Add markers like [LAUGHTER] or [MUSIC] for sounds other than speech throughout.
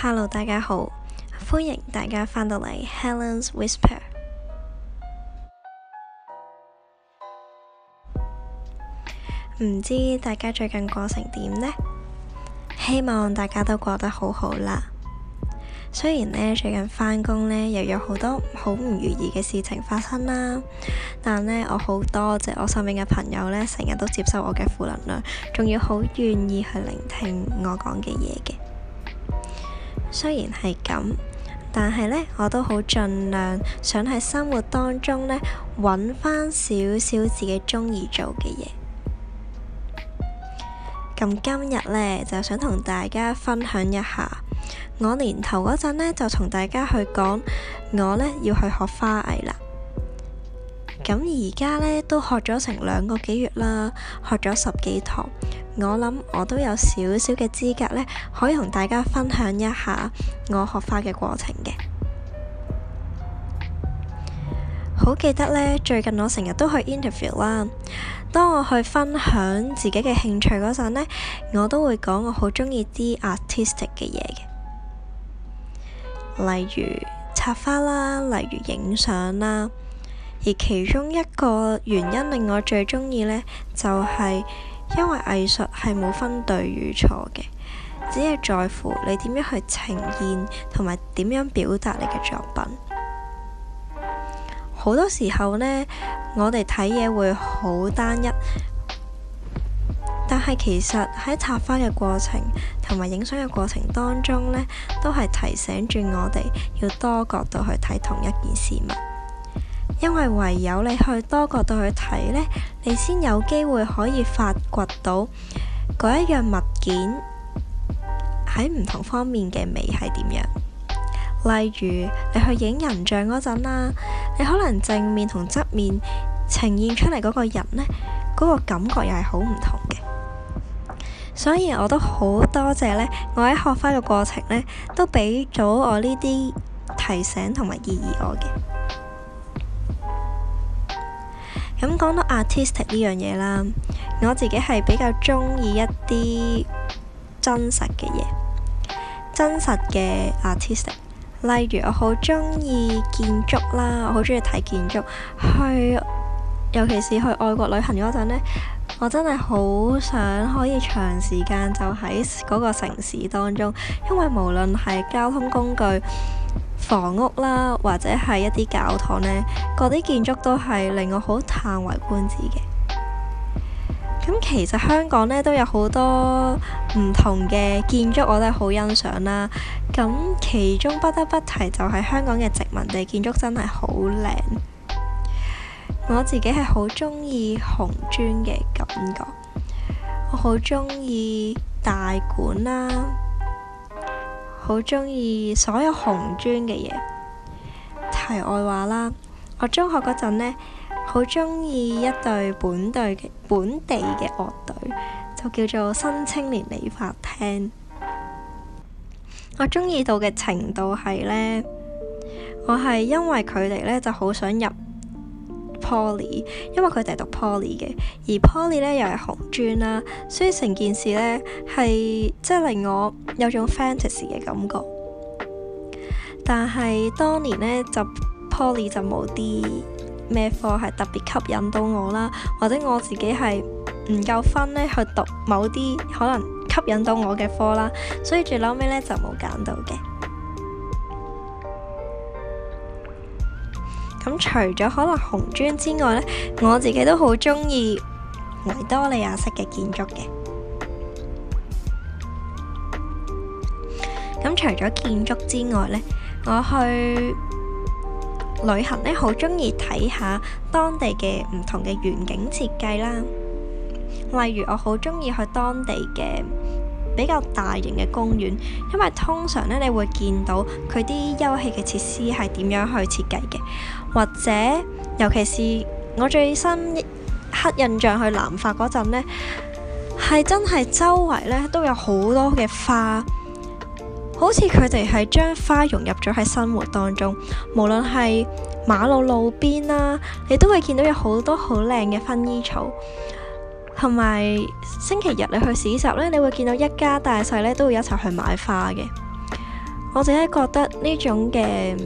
Hello，大家好，歡迎大家翻到嚟 Helen's Whisper。唔知大家最近過成點呢？希望大家都過得好好啦。雖然呢，最近翻工呢，又有好多好唔如意嘅事情發生啦，但呢，我好多謝我身邊嘅朋友呢，成日都接受我嘅負能量，仲要好願意去聆聽我講嘅嘢嘅。雖然係咁，但係呢，我都好盡量想喺生活當中呢，揾翻少少自己中意做嘅嘢。咁今日呢，就想同大家分享一下，我年頭嗰陣呢就同大家去講，我呢要去學花藝啦。咁而家呢，都學咗成兩個幾月啦，學咗十幾堂。我諗我都有少少嘅資格，呢可以同大家分享一下我學花嘅過程嘅。好記得呢，最近我成日都去 interview 啦。當我去分享自己嘅興趣嗰陣呢，我都會講我好中意啲 artistic 嘅嘢嘅，例如插花啦，例如影相啦。而其中一個原因令我最中意呢，就係、是。因為藝術係冇分對與錯嘅，只係在乎你點樣去呈現同埋點樣表達你嘅作品。好多時候呢，我哋睇嘢會好單一，但係其實喺插花嘅過程同埋影相嘅過程當中呢，都係提醒住我哋要多角度去睇同一件事物。因為唯有你去多角度去睇呢，你先有機會可以發掘到嗰一樣物件喺唔同方面嘅美係點樣。例如你去影人像嗰陣啦，你可能正面同側面呈現出嚟嗰個人呢，嗰個感覺又係好唔同嘅。所以我都好多謝呢，我喺學翻嘅過程呢，都俾咗我呢啲提醒同埋建議我嘅。咁講到 artistic 呢樣嘢啦，我自己係比較中意一啲真實嘅嘢，真實嘅 artistic。例如我好中意建築啦，我好中意睇建築。去，尤其是去外國旅行嗰陣呢，我真係好想可以長時間就喺嗰個城市當中，因為無論係交通工具，房屋啦，或者係一啲教堂呢，嗰啲建築都係令我好嘆為觀止嘅。咁其實香港呢都有好多唔同嘅建築，我都係好欣賞啦。咁其中不得不提就係香港嘅殖民地建築，真係好靚。我自己係好中意紅磚嘅感覺，我好中意大館啦、啊。好中意所有紅磚嘅嘢。題外話啦，我中學嗰陣呢，好中意一隊本隊嘅本地嘅樂隊，就叫做新青年理髮廳。我中意到嘅程度係呢，我係因為佢哋呢就好想入。Poly，因為佢哋係讀 Poly 嘅，而 Poly 咧又係紅磚啦，所以成件事咧係即係令我有種 fantasy 嘅感覺。但係當年咧就 Poly 就冇啲咩科係特別吸引到我啦，或者我自己係唔夠分咧去讀某啲可能吸引到我嘅科啦，所以最嬲尾咧就冇揀到嘅。咁除咗可能紅磚之外呢，我自己都好中意維多利亞式嘅建築嘅。咁除咗建築之外呢，我去旅行呢，好中意睇下當地嘅唔同嘅園景設計啦。例如，我好中意去當地嘅比較大型嘅公園，因為通常咧，你會見到佢啲休憩嘅設施係點樣去設計嘅，或者尤其是我最深刻印象去南法嗰陣咧，係真係周圍咧都有好多嘅花，好似佢哋係將花融入咗喺生活當中，無論係馬路路邊啦、啊，你都會見到有好多好靚嘅薰衣草。同埋星期日你去市集呢，你會見到一家大細呢都會一齊去買花嘅。我自己覺得呢種嘅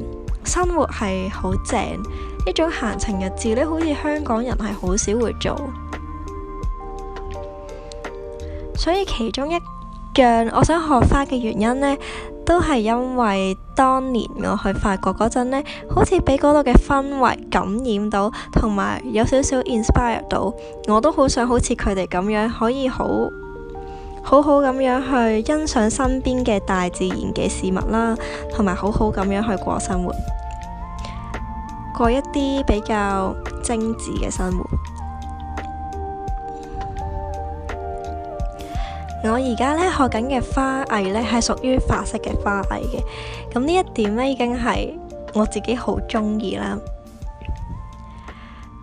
生活係好正，呢種閒情逸致呢，好似香港人係好少會做。所以其中一樣我想學花嘅原因呢。都係因為當年我去法國嗰陣呢，好似俾嗰度嘅氛圍感染到，同埋有少少 inspire 到，我都好想好似佢哋咁樣，可以好好好咁樣去欣賞身邊嘅大自然嘅事物啦，同埋好好咁樣去過生活，過一啲比較精緻嘅生活。我而家咧學緊嘅花藝咧，係屬於法式嘅花藝嘅。咁呢一點咧，已經係我自己好中意啦。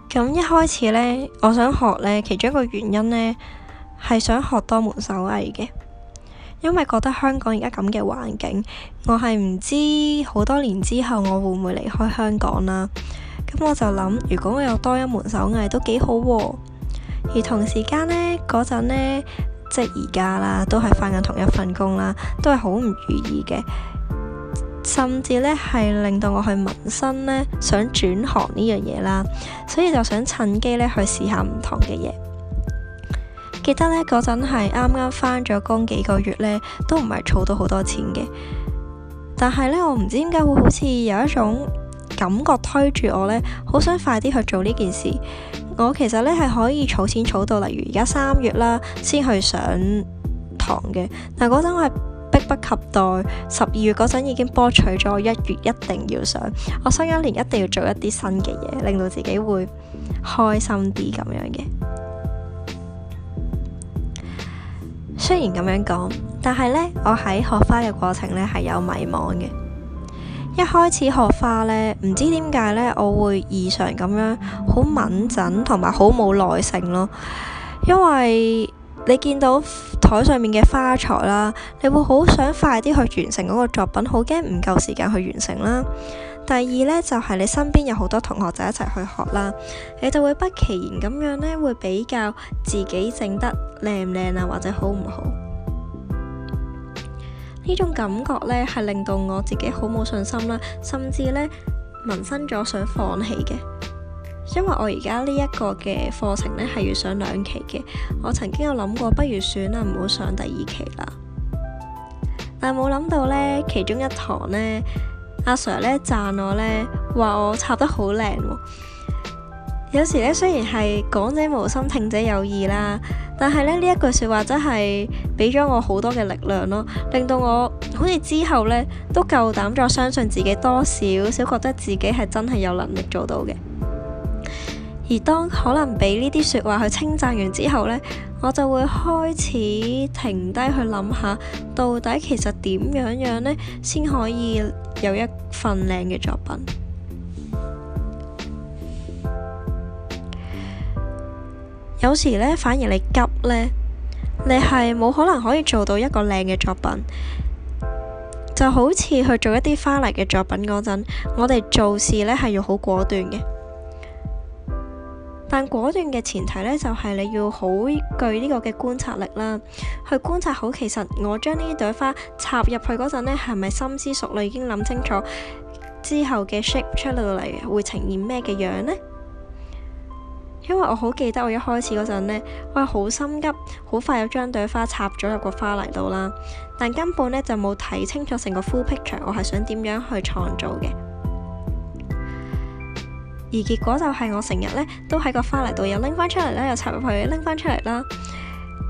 咁一開始咧，我想學咧，其中一個原因咧係想學多門手藝嘅，因為覺得香港而家咁嘅環境，我係唔知好多年之後我會唔會離開香港啦，啊。咁我就諗，如果我有多一門手藝都幾好喎，啊。而同時間咧，嗰陣咧。即係而家啦，都係返緊同一份工啦，都係好唔如意嘅，甚至咧係令到我去紋身咧想轉行呢樣嘢啦，所以就想趁機咧去試下唔同嘅嘢。記得咧嗰陣係啱啱返咗工幾個月咧，都唔係儲到好多錢嘅，但係咧我唔知點解會好似有一種，感覺推住我呢，好想快啲去做呢件事。我其實呢係可以儲錢儲到，例如而家三月啦，先去上堂嘅。但嗰陣我係迫不及待，十二月嗰陣已經剝取咗，我一月一定要上。我想一年一定要做一啲新嘅嘢，令到自己會開心啲咁樣嘅。雖然咁樣講，但係呢，我喺學花嘅過程呢，係有迷茫嘅。一開始學花咧，唔知點解咧，我會異常咁樣好敏陣同埋好冇耐性咯。因為你見到枱上面嘅花材啦，你會好想快啲去完成嗰個作品，好驚唔夠時間去完成啦。第二咧就係你身邊有好多同學仔一齊去學啦，你就會不其然咁樣咧會比較自己整得靚唔靚啊，或者好唔好？呢種感覺呢，係令到我自己好冇信心啦，甚至呢，萌生咗想放棄嘅。因為我而家呢一個嘅課程呢，係要上兩期嘅，我曾經有諗過不如選啦，唔好上第二期啦。但係冇諗到呢，其中一堂呢，阿 sir 咧讚我呢，話我插得好靚喎。有時咧，雖然係講者無心，聽者有意啦，但係咧，呢一句説話真係俾咗我好多嘅力量咯，令到我好似之後呢，都夠膽再相信自己，多少少覺得自己係真係有能力做到嘅。而當可能俾呢啲説話去稱讚完之後呢，我就會開始停低去諗下，到底其實點樣樣呢，先可以有一份靚嘅作品。有時咧，反而你急咧，你係冇可能可以做到一個靚嘅作品。就好似去做一啲花藝嘅作品嗰陣，我哋做事咧係要好果斷嘅。但果斷嘅前提咧，就係、是、你要好具呢個嘅觀察力啦，去觀察好其實我將呢朵花插入去嗰陣咧，係咪深思熟慮已經諗清楚之後嘅 shape 出到嚟會呈現咩嘅樣呢？因為我好記得我一開始嗰陣呢，我係好心急，好快有將朵花插咗入個花泥度啦。但根本呢，就冇睇清楚成個 full picture，我係想點樣去創造嘅。而結果就係我成日呢，都喺個花泥度又拎翻出嚟啦，又插入去，拎翻出嚟啦。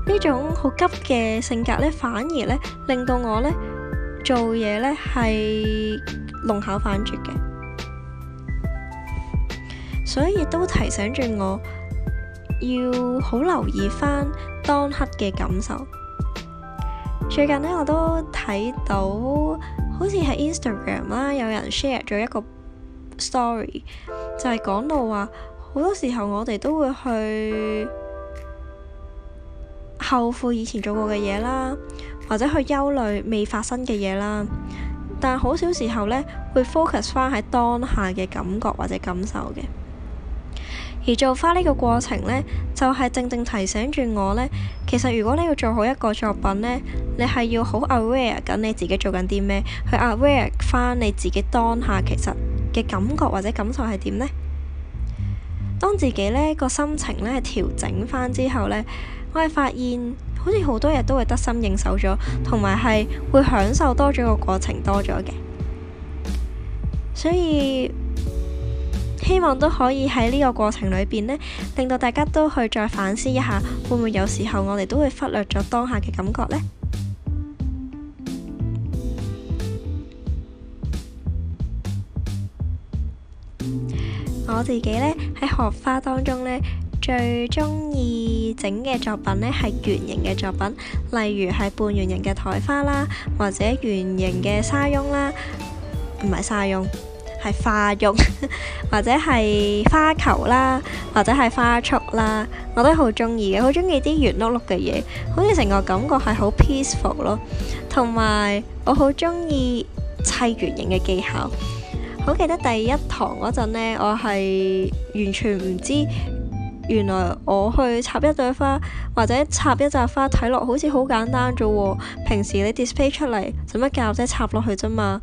呢種好急嘅性格呢，反而呢，令到我呢，做嘢呢係弄巧反拙嘅。所以都提醒住我要好留意翻當刻嘅感受。最近呢，我都睇到好似喺 Instagram 啦，有人 share 咗一個 story，就係講到話，好多時候我哋都會去後悔以前做過嘅嘢啦，或者去憂慮未發生嘅嘢啦，但係好少時候咧會 focus 翻喺當下嘅感覺或者感受嘅。而做翻呢個過程呢，就係、是、正正提醒住我呢。其實如果你要做好一個作品呢，你係要好 aware 緊你自己做緊啲咩，去 aware 翻你自己當下其實嘅感覺或者感受係點呢。當自己呢、這個心情呢調整翻之後呢，我係發現好似好多嘢都會得心應手咗，同埋係會享受多咗個過程多咗嘅，所以。希望都可以喺呢個過程裏邊呢，令到大家都去再反思一下，會唔會有時候我哋都會忽略咗當下嘅感覺呢？ [NOISE] 我自己呢，喺學花當中呢，最中意整嘅作品呢，係圓形嘅作品，例如係半圓形嘅台花啦，或者圓形嘅沙翁啦，唔係沙翁。係花是肉， [LAUGHS] 或者係花球啦，或者係花束啦，我都好中意嘅，好中意啲圓碌碌嘅嘢，好似成個感覺係好 peaceful 咯。同埋我好中意砌圓形嘅技巧，好記得第一堂嗰陣呢，我係完全唔知。原來我去插一朵花，或者插一扎花，睇落好似好簡單啫喎，哦。平時你 display 出嚟，使乜夾仔插落去啫嘛。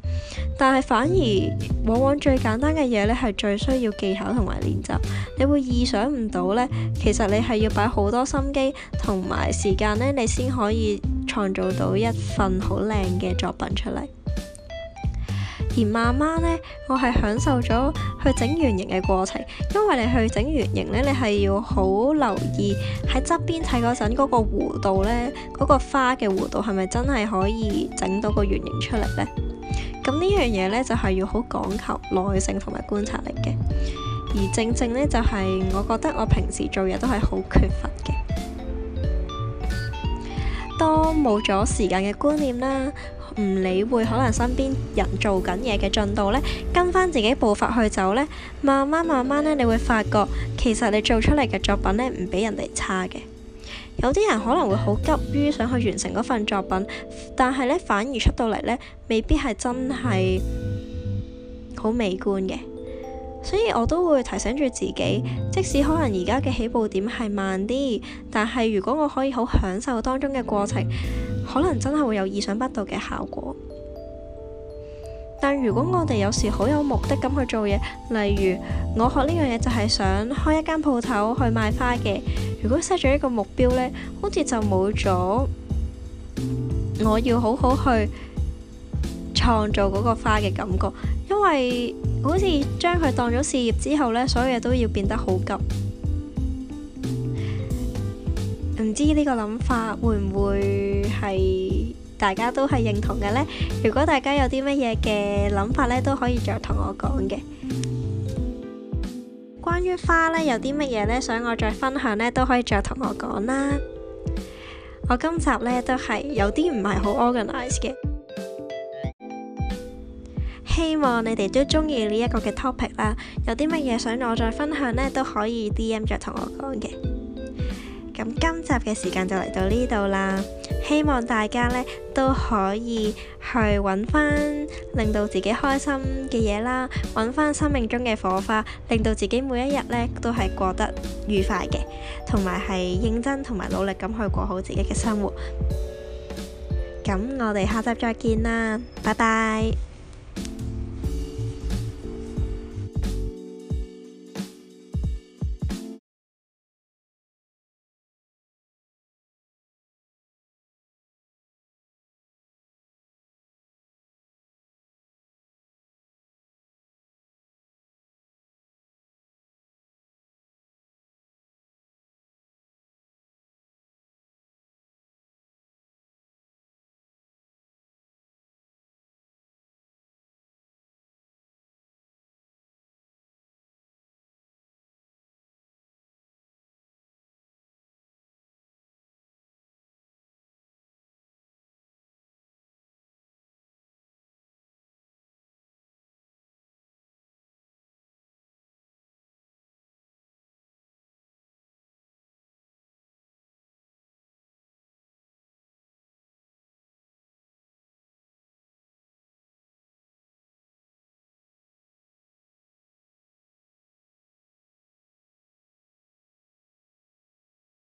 但係反而往往最簡單嘅嘢咧，係最需要技巧同埋練習。你會意想唔到呢，其實你係要擺好多心機同埋時間呢，你先可以創造到一份好靚嘅作品出嚟。而慢慢呢，我係享受咗去整圓形嘅過程，因為你去整圓形呢，你係要好留意喺側邊睇嗰陣嗰個弧度呢嗰、嗰個花嘅弧度係咪真係可以整到個圓形出嚟呢？咁呢樣嘢呢，就係、係、要好講求耐性同埋觀察力嘅，而正正呢，就係、係、我覺得我平時做嘢都係好缺乏嘅，當冇咗時間嘅觀念啦。唔理會可能身邊人做緊嘢嘅進度呢，跟翻自己步伐去走呢，慢慢慢慢呢，你會發覺其實你做出嚟嘅作品呢，唔比人哋差嘅。有啲人可能會好急於想去完成嗰份作品，但係呢，反而出到嚟呢，未必係真係好美觀嘅。所以我都會提醒住自己，即使可能而家嘅起步點係慢啲，但係如果我可以好享受當中嘅過程。可能真係會有意想不到嘅效果，但如果我哋有時好有目的咁去做嘢，例如我學呢樣嘢就係想開一間鋪頭去賣花嘅，如果 set 咗一個目標呢，好似就冇咗我要好好去創造嗰個花嘅感覺，因為好似將佢當咗事業之後呢，所有嘢都要變得好急。唔知呢個諗法會唔會係大家都係認同嘅呢？如果大家有啲乜嘢嘅諗法呢，都可以再同我講嘅。關於花呢，有啲乜嘢呢？想我再分享呢，都可以再同我講啦。我今集呢，都係有啲唔係好 organize 嘅。希望你哋都中意呢一個嘅 topic 啦。有啲乜嘢想我再分享呢，都可以 DM 再同我講嘅。咁今集嘅時間就嚟到呢度啦，希望大家呢都可以去揾翻令到自己開心嘅嘢啦，揾翻生命中嘅火花，令到自己每一日呢都係過得愉快嘅，同埋係認真同埋努力咁去過好自己嘅生活。咁我哋下集再見啦，拜拜。